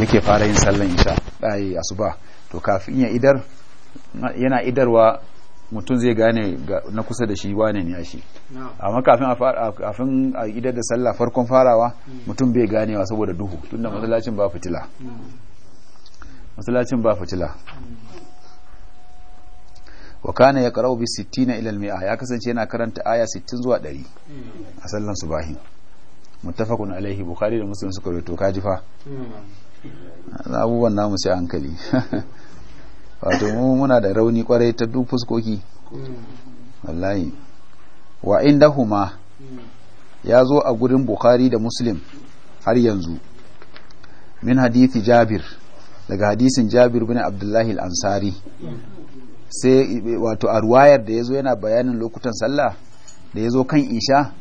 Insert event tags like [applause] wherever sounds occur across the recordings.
yake fara yin sallan isha ai asuba to kafin ya idar yana idarwa mutum zai gane na kusa da shi wane ne shi amma kafin kafin a idar da sallah farkon farawa hmm. mutum bai ganewa saboda duhu tunda masallacin ba fitila hmm. masallacin ba fitila wa kana ya karau bi 60 ila al-mi'a ya kasance yana karanta aya 60 zuwa 100 hmm. a sallan subahi muttafaqun alaihi bukhari da muslim suka rawaito kaji fa abubuwan namu sai hankali [laughs] wato muna da rauni kwarai ta duk fuskoki wallahi wa huma ya zo a gurin bukhari da muslim har yanzu min hadithi jabir daga hadisin jabir bin abdullahi al'ansari ansari sai wato a ruwayar da ya zo yana bayanin lokutan sallah da ya zo kan isha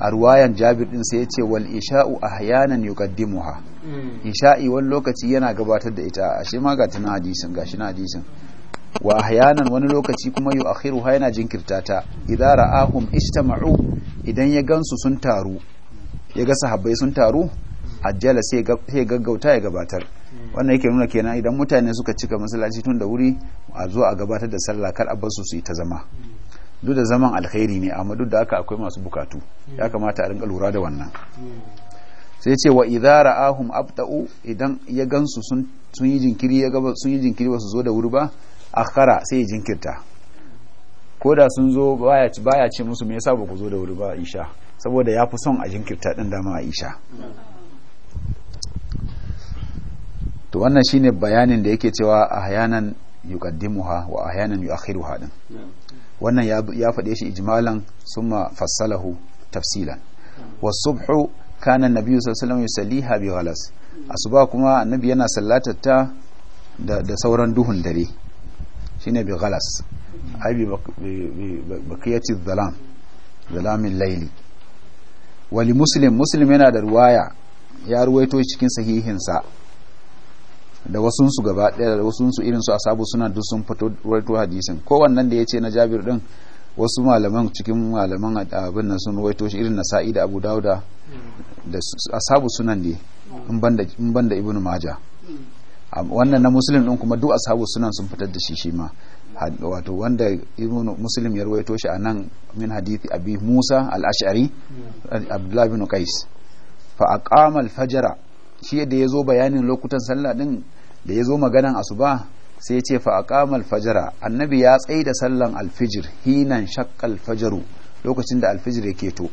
a ruwayan jabir din sai ya ce wal isha'u ahyanan yuqaddimuha hmm. isha'i wani lokaci yana gabatar da ita a shi ma ga tana hadisin gashi na hadisin wa ahyanan wani lokaci kuma ha yana jinkirta ta idza ra'ahum ijtama'u idan ya gansu sun taru ya ga sahabbai sun taru ajjala sai ya gaggauta ya gabatar hmm. wannan yake nuna kenan idan mutane suka cika masallaci tun da wuri a zo a gabatar da sallah kar a bar su su yi ta zama hmm. duk da zaman alkhairi ne amma duk da aka akwai masu bukatu ya kamata a rinka lura da wannan sai ce wa idza ra'ahum abta'u idan ya gansu sun sun yi jinkiri ya gaba sun yi jinkiri zo da wuri ba akhara sai ya jinkirta koda sun zo baya baya ce musu me yasa ba ku zo da wuri ba isha saboda yafi son a jinkirta din dama a isha to wannan shine bayanin da yake cewa ahyanan yuqaddimuha wa ahyanan yu'akhiruha din wannan ya faɗe shi ijmalan summa fassalahu tafsilan subhu kana annabi sallallahu alaihi bi ghalas asuba kuma annabi yana sallatar da sauran duhun dare shine bi ghalas ai bi bakiyati dhalam dhalamin layli wali muslim muslim yana da ruwaya ya ruwaito cikin sahihinsa da wasunsu gaba daya da wasunsu irin su asabu suna duk sun fito rawaito hadisin ko wannan da yace na Jabir din wasu malaman cikin malaman abin nan sun rawaito shi irin Nasa'i da Abu Dawuda da asabu sunan ne in banda in banda Ibn Majah wannan na Muslim din kuma duk asabu sunan sun fitar da shi shi ma wato wanda Ibn Muslim ya rawaito shi anan min hadisi Abi Musa al-Ash'ari Abdullah ibn Qais fa aqama al-fajra shi yadda ya zo bayanin lokutan sallah din da ya zo maganan asuba sai ya ce fa aqama al fajara annabi ya tsaye da sallan al hinan shaqqa al lokacin da al ya yake to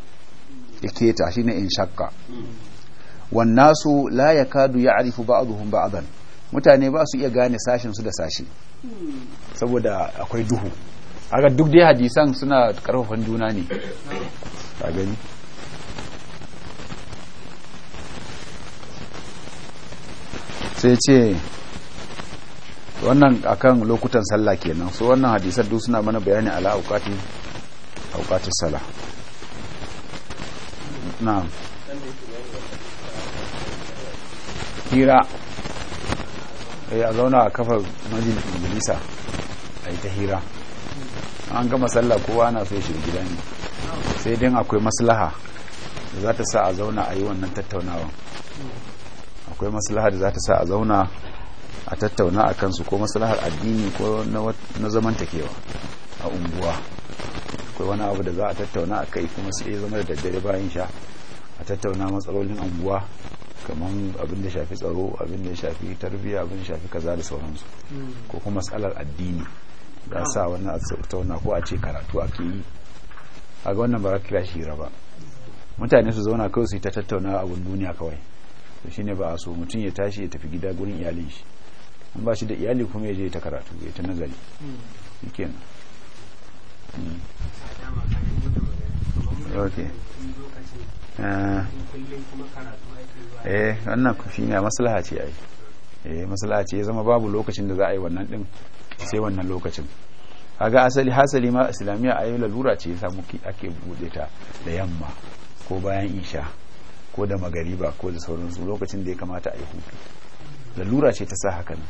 yake ta ne in shaqqa wan nasu la yakadu ya'rifu ba'dhum ba'dan mutane ba su iya gane sashin su da sashi saboda akwai duhu aga duk dai hadisan suna karfafan juna ne a gani sai ce wannan akan lokutan sallah kenan so wannan hadisan duk suna mana bayani ala aukati auqati sallah na'am hira eh a zauna a kafa majalisa a yi ta hira an gama sallah kowa na sai shi gida ne sai dan akwai maslaha da za ta sa a zauna a yi wannan tattaunawa akwai maslahar da za ta sa a zauna a tattauna a kansu ko maslahar addini ko na zamantakewa a unguwa akwai wani abu da za a tattauna a kai kuma sai zama da daddare bayan sha a tattauna matsalolin unguwa kamar abin da shafi tsaro abin da shafi tarbiyya abin da shafi kaza da sauransu hmm. ko kuma matsalar addini da sa wannan a tattauna ko a ce karatu a ke yi a ga wannan ba kira shi ba mutane su zauna kawai su yi ta tattauna abin duniya kawai to shine ba a so mutum ya tashi ya tafi gida gurin iyalin shi an ba shi da iyali kuma ya je ta karatu ya ta nazari shikenan hmm. okay ah. eh wannan maslaha ce ai eh, maslaha ce ya zama babu lokacin da za a yi wannan din sai wannan lokacin kaga asali hasali ma islamiyya ayi lalura ce ya samu ake bude ta da yamma ko bayan isha ko da magariba ko da sauransu lokacin da ya kamata a yi hutu lalura ce ta sa haka nan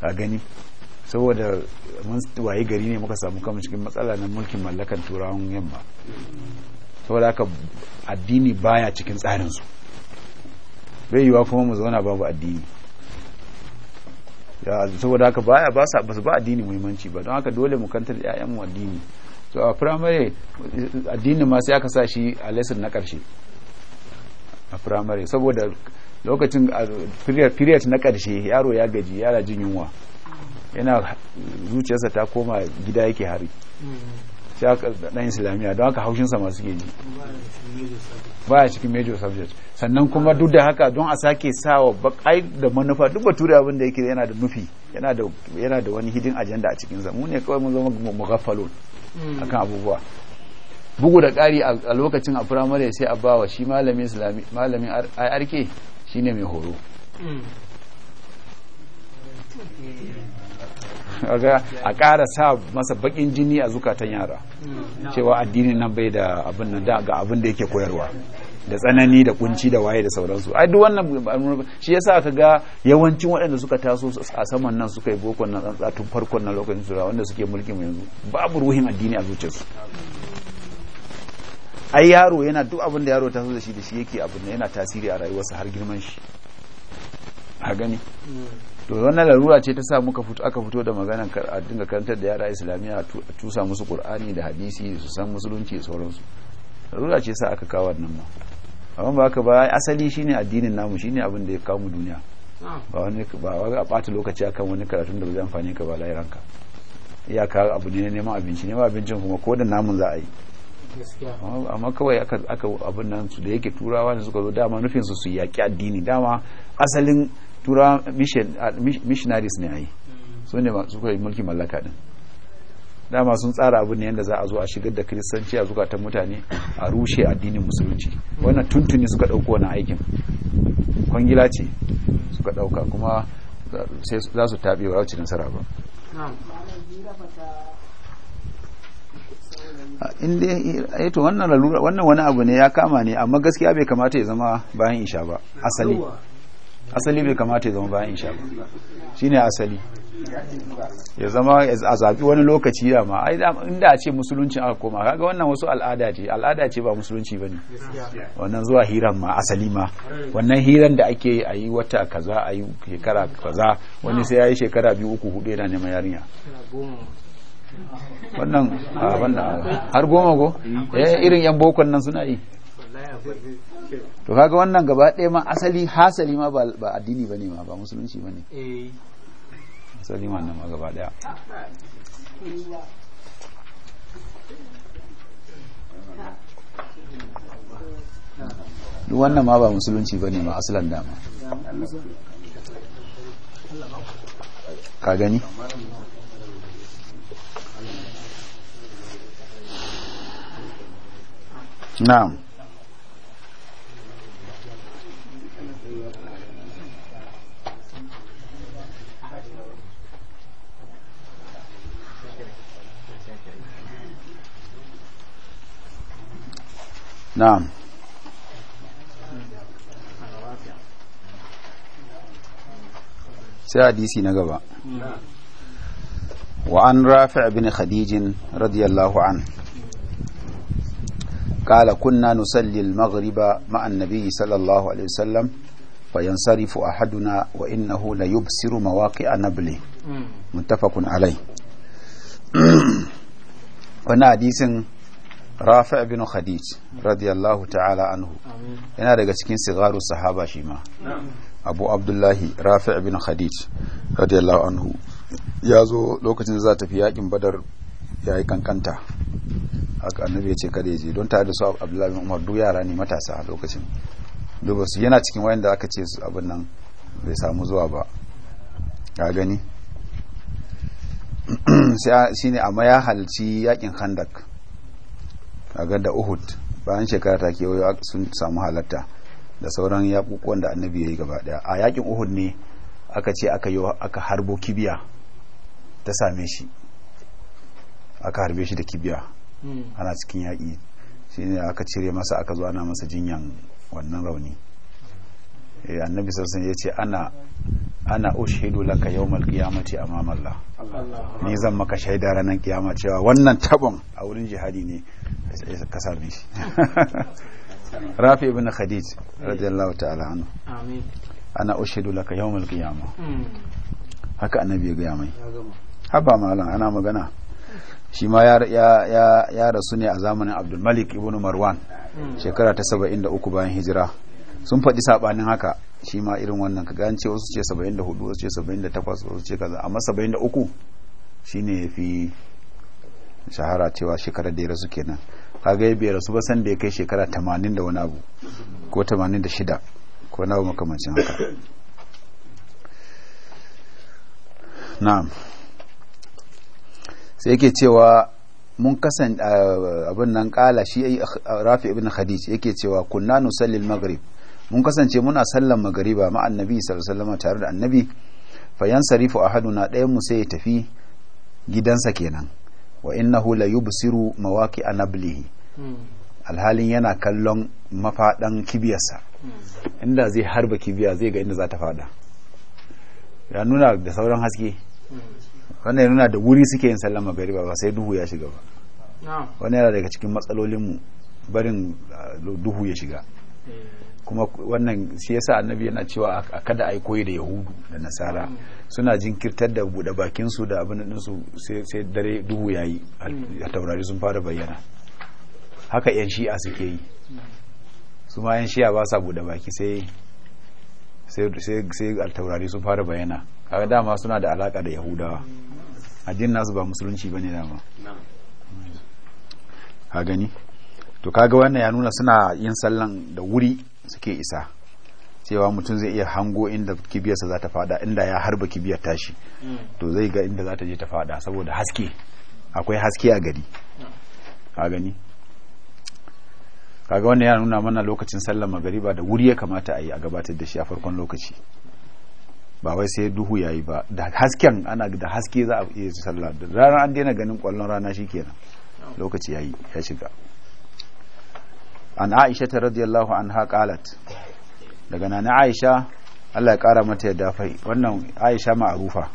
a gani saboda mun waye gari ne muka samu kama cikin matsala na mulkin mallakan turawan yamma saboda haka addini baya cikin tsarinsu bai yiwa kuma mu zauna babu addini saboda haka baya ba sa ba addini muhimmanci ba don haka dole mu kantar da 'ya'yanmu addini so a firamare addini ma sai aka sa shi a lesson na karshe a firamare saboda lokacin period na ƙarshe yaro ya gaji yana jin yunwa yana zuciyarsa ta koma gida yake hari sai aka islamiyya don haka haushinsa masu ke ji baya cikin major subject sannan kuma duk da haka don a sake sawa bakai da manufa duk bature abin da yake yana da nufi yana da wani hidin ajanda a cikinsa mu ne kawai mun zama mu mugaffalon hmm. akan abubuwa bugu da ƙari a lokacin a firamare sai a bawa shi malamin islami malamin shine mai horo hmm. a ƙara sa masa bakin jini a zukatan yara hmm. cewa addinin nan bai da abin nan da ga abin da yake koyarwa da tsanani da kunci da waye da sauransu ai duk wannan shi yasa ka ga yawancin waɗanda suka taso a saman nan suka yi boko nan tsantsa tun farkon na lokacin sura wanda suke mulkin yanzu babu ruhin addini a zuciyarsu ai yaro yana duk abin da yaro ta so da shi da shi yake abin yana tasiri a rayuwarsa har girman shi a gani to wannan larura ce ta sa muka fito aka fito da maganar a dinga karantar da yara islamiyya a tusa musu qur'ani da hadisi su san musulunci da sauransu larura ce sa aka kawo wannan ma amma ba haka ba asali shine addinin namu shine abin da ya kawo mu duniya ba wani ba wani a bata lokaci akan wani karatun da ba zai amfani ka ba lahiranka iyaka abu ne neman abinci neman abincin kuma ko da namun za a yi amma kawai aka abin nan su da yake turawa ne suka zo dama nufin su su yaƙi addini dama asalin turawa missionaries ne ai mm. su ne su kai mulki mallaka din dama sun tsara abin ne yadda za a zo a shigar da kiristanci a zukatan mutane a rushe addinin musulunci wannan tuntuni suka dauko wani aikin kwangila ce suka ɗauka kuma sai za su taɓe wa nasara ba in dai eh, to wannan lalura wannan wani abu ne ya kama ne amma gaskiya bai kamata ya zama bayan insha ba asali asali bai kamata ya zama bayan insha ba shine asali ya zama a zaɓi wani lokaci da ma inda a ce musulunci aka koma kaga wannan wasu al'ada ce al'ada ce ba musulunci bane wannan zuwa hiran ma asali ma wannan hiran da ake a yi wata kaza a yi shekara kaza wani sai ya yi shekara biyu uku hudu yana neman yarinya wannan wannan har goma go eh irin yan bokon nan suna yi to kaga wannan gaba ɗaya ma asali hasali ma ba addini bane ma ba musulunci bane eh asali ma nan ma gaba ɗaya duk wannan ma ba musulunci ba ne ma asalan dama ka gani نعم نعم سادسي نقبا نعم. وعن رافع بن خديج رضي الله عنه قال كنا نصلي المغرب مع النبي صلى na عليه وسلم فينصرف أحدنا وإنه ليبصر مواقع نبله متفق عليه wannan hadisin rafi' bin khadij radiyallahu ta'ala anhu yana daga cikin sigaru sahaba shima ma abu abdullahi rafi' bin khadij radiyallahu anhu ya zo lokacin za tafi yakin badar ya yi kankanta haka annabi ya ce kada ya je don tare da su abdullahi bin umar duk yara ne matasa a lokacin duba su yana cikin wayanda aka ce su abin nan bai samu zuwa ba ya gani [clears throat] shi ne amma ya halci yakin handak a da uhud bayan shekara ta kewayo sun samu halatta da sauran yakukuwan da annabi ya yi gaba daya a yakin uhud ne aka ce aka yi aka harbo kibiya ta same shi aka harbe shi da kibiya Hmm. ana cikin yaƙi shi ne aka cire masa aka zo ana masa jinyan wannan rauni eh, annabi sassan ya ce ana ana ushidu laka yawmal qiyamati a mamalla ni zan maka shaida ranar kiyama cewa wannan tabon a wurin jihadi ne ka same shi [laughs] rafi ibn khadij radiyallahu ta'ala anhu ana ushidu laka yawmal qiyama hmm. haka annabi ya gaya mai haba malam ana magana shi ma ya rasu ne a zamanin abdulmalik ibn marwan shekara ta 73 bayan hijira sun faɗi saɓanin haka shi ma irin wannan ka gance wasu ce 74 wasu ce 78 wasu ce kaza amma 73 shine fi shahara cewa shekarar da ya rasu kenan kaga ya biya rasu ba san da ya kai shekara 80 da wani abu ko 86 ko na makamancin haka na'am sai yake cewa mun kasan abin nan kala shi rafi ibn khadij yake cewa kunna nusalli al-maghrib mun kasance muna sallan magariba ma annabi sallallahu alaihi wasallam tare da annabi fa yansarifu ahaduna dayan mu sai ya tafi gidansa kenan wa innahu la yubsiru mawaqi anablihi alhalin yana kallon mafadan kibiyarsa inda zai harba kibiya zai ga inda za ta fada ya nuna da sauran haske wannan yana da wuri suke yin sallar magari ba sai duhu ya shiga ba wani yana daga cikin matsalolinmu barin ah, duhu ya shiga eh. kuma wannan shi yasa annabi yana cewa a kada a yi koyi da yahudu da nasara mm. suna jinkirtar da buɗe bakinsu da abin su sai dare duhu ya yi a mm. taurari sun fara bayyana haka 'yan shi'a suke yi mm. su ma 'yan shi'a ba sa buɗe baki sai sai altaurari sun fara bayana kaga dama suna da alaka da yahudawa addinin nasu ba musulunci ba ne dama ha gani to kaga wannan ya nuna suna yin sallan da wuri suke isa cewa mutum zai iya hango inda kibiyarsa za ta fada inda ya harba kibiyar tashi to zai ga inda za ta je ta fada saboda haske akwai haske a gari ha gani kaga wannan ya nuna mana lokacin sallar magariba da wuri ya kamata a yi a gabatar da shi a farkon lokaci ba wai sai duhu ya yi ba da hasken ana da haske za a iya sallah da rana an daina ganin kwallon rana shi kenan lokaci yayi ya shiga an aisha ta radiyallahu anha kalat daga nana aisha Allah ya kara mata yadda fai wannan aisha ma'arufa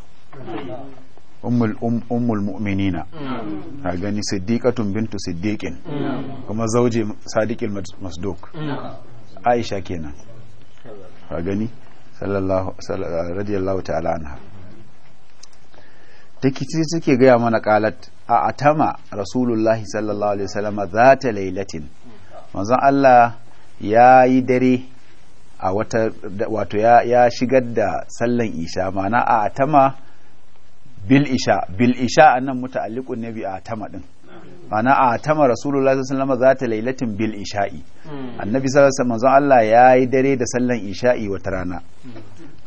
umul um, ummul mu'minina mm. a gani siddiqatun bintu siddiqin mm. kuma zauje sadiqil masduq mm. aisha kenan a gani sallallahu radiyallahu ta'ala anha take take gaya mana qalat a atama rasulullahi sallallahu alaihi wasallam zata lailatin manzon Allah ya yi dare a wata wato ya shigar da sallan isha mana a atama bil isha bil isha anan muta'alliqun nabi a tama ɗin ana a tama rasulullahi sallallahu alaihi wasallam zata lailatin bil isha'i hmm. annabi sallallahu alaihi wasallam Allah yi dare da sallan isha'i wata rana hmm.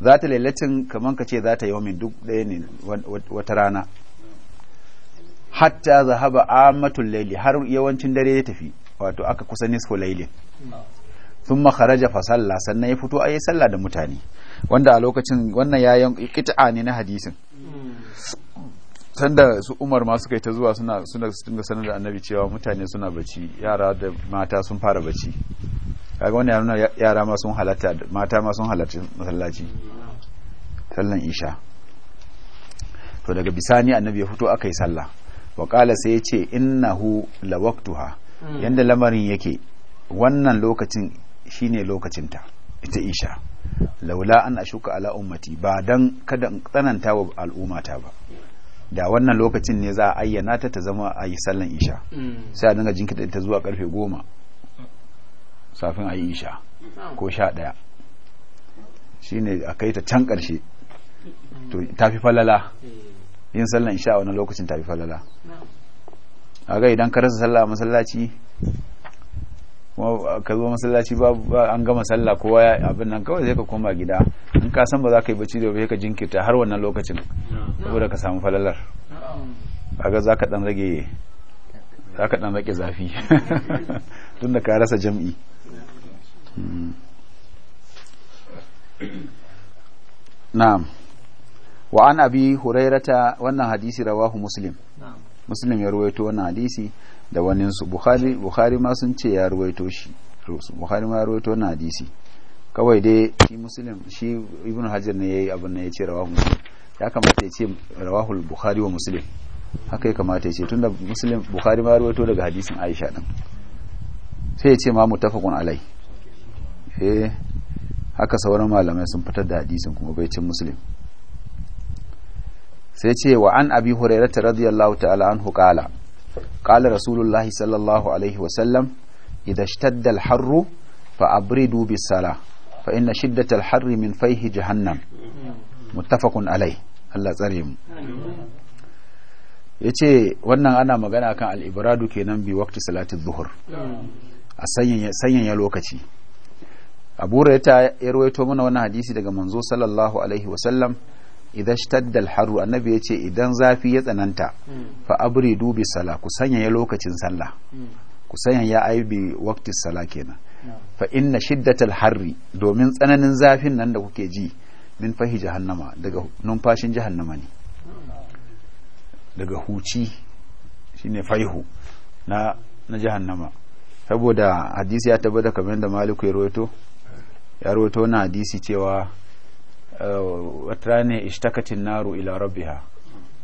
zata lailatin kaman kace zata yawmin duk ɗaya ne wata rana hatta zahaba amatul laili har yawancin dare ya tafi wato aka kusa nisfu lailin sun makaraja sallah sannan ya fito a yi sallah da mutane wanda a lokacin wannan yayan kit'a ne na hadisin tanda su umar ma suka yi ta zuwa suna suna dinga sanar da annabi cewa mutane suna bacci yara da mata sun fara bacci kaga wannan yara ma sun halatta mata ma sun halatta masallaci sallan isha to daga bisani annabi ya fito aka yi sallah wa qala sai ya ce innahu la waqtuha hmm. yanda lamarin yake wannan lokacin shine lokacinta ita isha laula an ashuka ala ummati ba dan kada in tsananta wa al'ummata ba da wannan lokacin ne za a ayyana ta ta zama a yi sallan isha mm. sai a dinga jinkita ta zuwa karfe goma safin a yi isha ko sha ɗaya shine a kai ta can ƙarshe to tafi falala mm. yin sallan isha a wani lokacin tafi falala mm. a ga idan ka rasa sallah masallaci kuma ka zo masallaci ba an gama sallah kowa ya abin nan kawai sai ka koma gida in ka san ba za ka yi bacci da ba ka jinkirta har wannan lokacin saboda ka samu falalar kaga za ka dan rage za ka dan rage zafi [laughs] da ka rasa jam'i hmm. na'am wa an abi hurairata wannan hadisi rawahu muslim muslim ya ruwaito wannan hadisi da waninsu bukhari bukhari ma sun ce ya ruwaito shi bukhari ma ya ruwaito na hadisi kawai dai shi muslim shi ibn hajar ne yayi abin nan yace rawahu muslim ya kamata ya ce rawahu bukhari wa muslim haka ya kamata ya ce tunda muslim bukhari ma ya ruwaito daga hadisin aisha din sai ya ce ma mutafaqun alai eh haka sauran malamai sun fitar da hadisin kuma bai cin muslim sai ce wa an abi hurairah radiyallahu ta'ala anhu qala qala rasulullahi sallallahu alaihi wasallam idha ishtadda al-harru fa bis-salah fa inna shiddatal harri min fayhi jahannam muttafaqun alai Allah tsare mu yace wannan ana magana kan al-ibradu kenan biyu waqti Salatu zuhur a sanyan ya lokaci Abu Rayta ya rawaito mana wannan hadisi daga manzo sallallahu alaihi wasallam idan shtadda haru annabi ya ce idan zafi ya tsananta hmm. fa abri dubi sala ku sanya ya lokacin sallah hmm. ku sanya ya aibi waqti sala kenan fa inna shiddatal harri domin tsananin zafin nan da kuke ji min fahi jahannama daga numfashin jahannama ne daga huci shine faihu na na jahannama saboda hadisi ya tabbata kamar da maliku ya rawaito ya rawaito na hadisi cewa Eh, wata ne ishtakatin naru ila rabbiha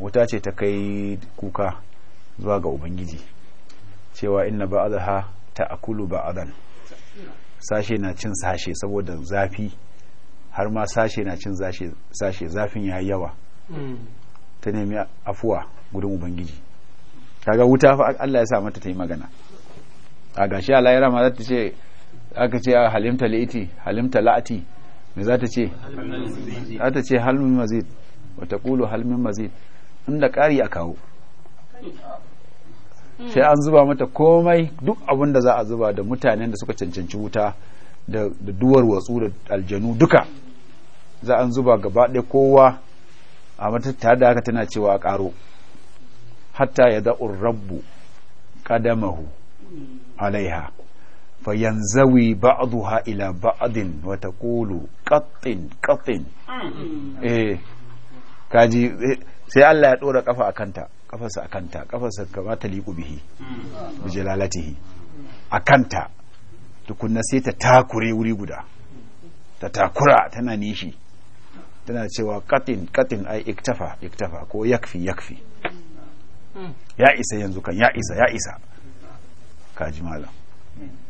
wuta ce ta kai kuka zuwa ga ubangiji cewa inna ba'daha ta'kulu ba'dan sashe na cin sashe saboda zafi har ma sashe na cin sashe zafin ya yawa hmm. ta nemi afuwa gudun ubangiji kaga wuta fa Allah ya sa mata ta yi magana a gashi a ya rama za ta ce aka ce ah, halimta la'ati me za ta ce za ta ce halmin mazid wata kulu halmin mazid inda ƙari a kawo sai an zuba mata komai duk abin da za a zuba da mutanen da suka cancanci wuta da duwar watsu da aljanu duka za an zuba gaba ɗaya kowa a tare da haka tana cewa a ƙaro hatta ya za'ur rabbu ƙadamahu alaiha fayanzawi ba'duha ila ba'din wa taqulu qattin qattin eh kaji eh, sai Allah ya dora kafa akanta kafarsa akanta kafarsa ka ba ta liku bihi hmm. bi jalalatihi akanta tukunna sai ta takure wuri guda ta takura tana nishi tana cewa katin katin ai iktafa iktafa ko yakfi yakfi hmm. ya isa yanzu kan ya isa ya isa kaji malam hmm.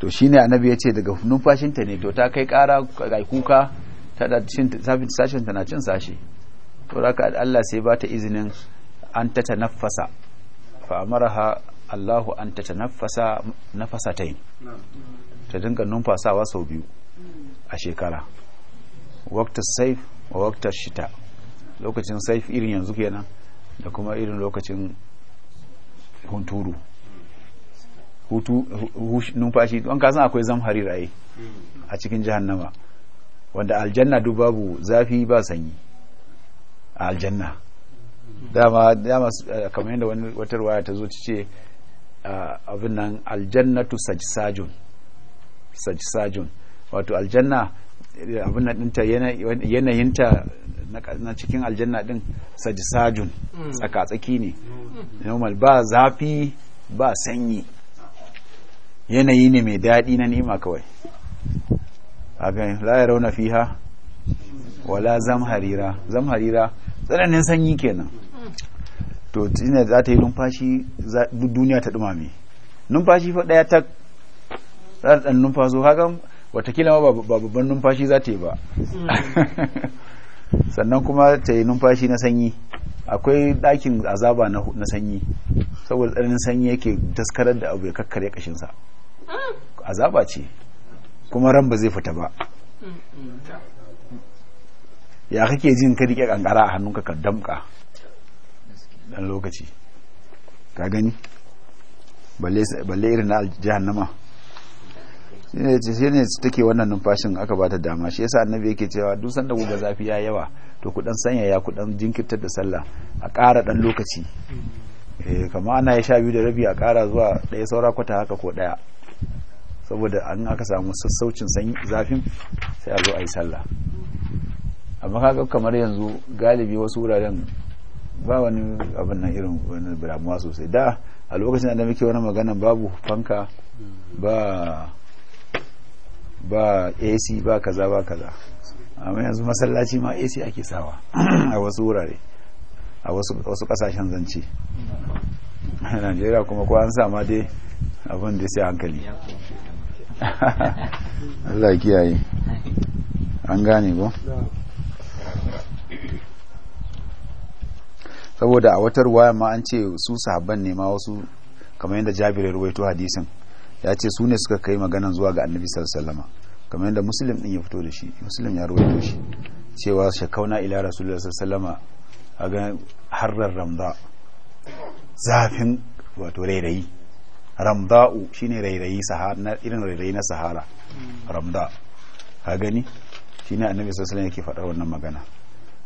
to shi ne annabi ya ce daga numfashinta ne to ta kai kara ga kuka ta da cin sashin na cin sashi to da Allah sai ba ta izinin an ta tanaffasa fa amaraha Allahu an ta tanaffasa nafasatain ta dinga numfasawa sau biyu a shekara waqtas saif wa waqtas shita lokacin saif irin yanzu kenan da kuma irin lokacin hunturu hutu numfashi don ka akwai zamhari raye a cikin jahannama wanda aljanna duk babu zafi ba sanyi a aljanna dama dama eh, kamar yadda wani wata ruwaya ta zo ce eh, abin nan aljannatu sajsajun sajsajun wato aljanna eh, abin nan dinta yanayinta na cikin aljanna din sajisajun hmm. tsaka-tsaki ne normal ba zafi ba sanyi yanayi ne mai daɗi na nima kawai a gani la rauna fiha wala zamharira zamharira tsananin sanyi kenan to tina za ta yi numfashi duniya ta dumame numfashi fa daya ta za ta dan numfaso hakan watakila ma ba babban numfashi za ta yi ba mm. [laughs] sannan kuma ta yi numfashi na sanyi akwai dakin azaba na sanyi saboda tsananin sanyi yake daskarar da abu ya kakkare kashinsa azaba ce kuma ran ba zai fita ba ya kake jin ka rike kankara a hannunka ka damka dan lokaci ka gani balle irin na jahannama shi ne take wannan numfashin aka bata dama shi yasa annabi yake cewa duk sanda guga zafi ya yawa to ku dan sanya ya ku dan jinkirtar da sallah a ƙara dan lokaci eh kamar ana ya sha biyu da rabi a ƙara zuwa ɗaya saura kwata haka ko ɗaya saboda an aka samu sassaucin zafin sai a zo a yi sallah amma kaga kamar yanzu galibi wasu wuraren ba wani abin nan irin wani biramuwa sosai da a lokacin da muke wani magana babu fanka ba ba ac ba kaza ba kaza amma yanzu masallaci ma ac ake sawa [clears throat] a wasu wurare a wasu kasashen zance a najeriya kuma ko an sama dai abin da sai hankali [laughs] Allah kiyaye an gane ko saboda a watar waya ma an ce su sahabban ne ma wasu kamar yadda ya ruwaito hadisin ya ce su ne suka kai maganan zuwa ga annabi sallama kamar yadda muslim din ya fito da shi muslim ya rawaito shi cewa shakauna ila rasulullah sallama a ga harar ramda zafin wato rairayi ramda'u shine rairayi sahara irin rairayi na sahara ramda ka gani shine annabi sallallahu alaihi yake faɗa wannan magana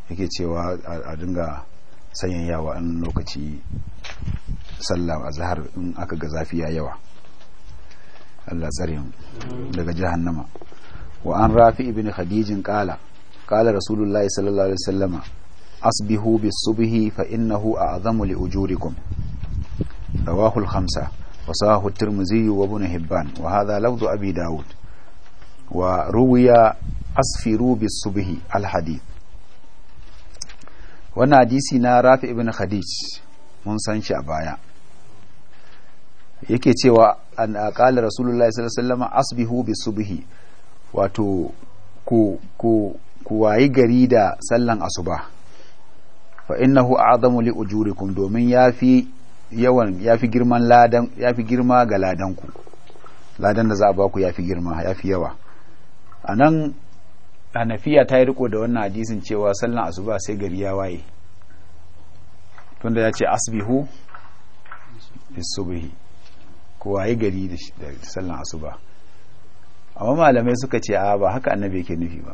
yake cewa a dinga sanyayawa an lokaci sallah azhar in aka ga zafi ya yawa Allah tsare daga jahannama wa an rafi ibn khadijin qala qala rasulullah sallallahu alaihi wasallama asbihu bis subhi fa innahu a'zamu li ujurikum rawahu al khamsa wa sahahu at-tirmidhi wa ibn hibban wa hadha lafdhu abi daud wa ruwiya asfiru bis subhi al hadith wannan hadisi na rafi ibn khadij mun san shi a baya yake cewa an aqala rasulullahi sallallahu alaihi wasallam asbihu bisubhi wato ku ku ku wayi gari da sallan asuba fa innahu a'zamu li ujurikum domin yafi yawan yafi girman ladan yafi girma ga ladan ku ladan da za a ba baku yafi girma yafi yawa anan hanafiya ta yi riko da wannan hadisin cewa sallan asuba sai gari ya waye tunda ya ce asbihu bisubhi ko yi gari da sallan asuba amma malamai suka ce a ba haka annabi yake nufi ba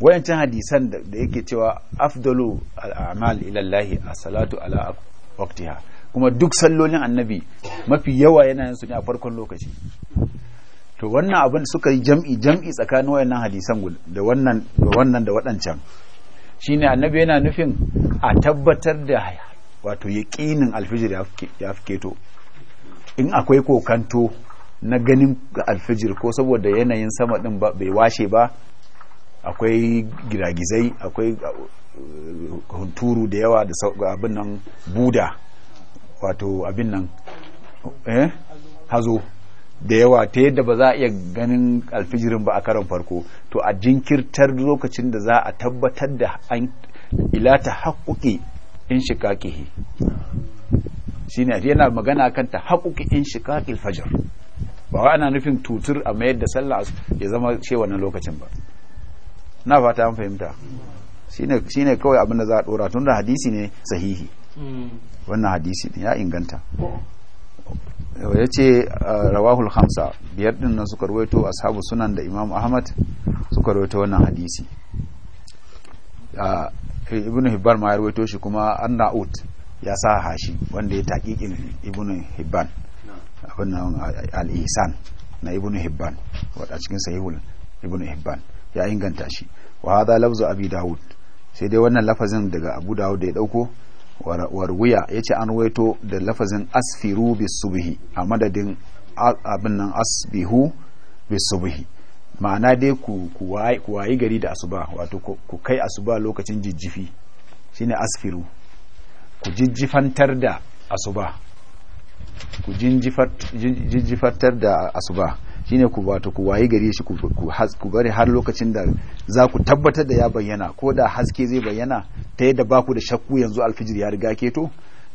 wayancin hadisan da yake cewa afdalu al'amal ilallahi a salatu ala waqtiha kuma duk sallolin annabi mafi yawa yana yin su ne a farkon lokaci to wannan abin suka yi jam'i jam'i tsakanin wayannan hadisan da wannan da wannan da waɗancan shine annabi yana nufin a tabbatar da wato yaqinin alfijir ya keto. in akwai kokanto na ganin alfijir ko saboda yanayin sama din bai washe ba akwai giragizai akwai uh, hunturu da yawa da abin nan buda wato abin nan eh hazo da yawa ta yadda ba za a iya ganin alfijirin ba a karon farko to a jinkirtar lokacin da za a tabbatar da an ilata haƙuƙi in shikakihi shine yana magana kan ta haƙuƙi in shiga fajar ba wa ana nufin tutur a mayar da sallah ya zama ce wannan lokacin ba na fata an fahimta shine kawai abin da za a ɗora tun da hadisi ne sahihi wannan hadisi ne ya inganta ya ce rawahul hamsa biyar din nan suka ruwaito ashabu sunan da imam ahmad suka ruwaito wannan hadisi ibn Hibbar ma ya ruwaito shi kuma an ya sa hashi wanda ya taƙiƙin ibn hibban abin al-ihsan na ibn hibban wadda cikin sahihul ibnu hibban ya inganta shi wa hadha lafzu abi daud sai dai wannan lafazin daga abu daud da ya dauko warwiya yace an waito da lafazin asfiru bisubhi a madadin abin nan asbihu bisubhi ma'ana dai ku ku gari da asuba wato ku kai asuba lokacin jijjifi shine asfiru ku jijjifantar da asuba ku jijjifantar da asuba shine ku wato ku wayi gare shi ku bari har lokacin da za ku tabbatar da ya bayyana ko da haske zai bayyana ta yadda ba ku da shakku yanzu alfijir ya riga keto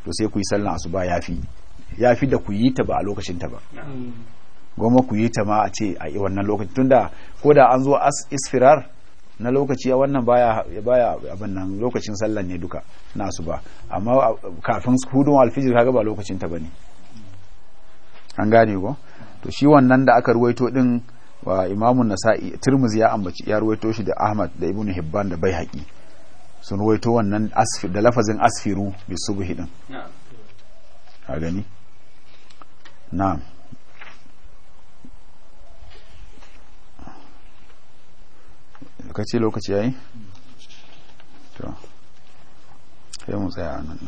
to sai ku yi sallan asuba ya fi da ku yi ta ba a lokacin ta ba goma ku yi ta ma a ce a wannan lokacin tunda ko da an zo as isfirar na lokaci ya wannan baya baya abin nan lokacin sallan ne duka nasu ba amma kafin hudun alfijir kaga ba lokacin ta bane an gane ko to shi wannan da aka ruwaito din wa imamu nasa'i tirmizi ya ambaci ya ruwaito shi da ahmad da ibnu hibban da baihaqi sun ruwaito wannan da lafazin asfiru bi subhi din a ka ce lokaci yayi to sai mu tsaya a nan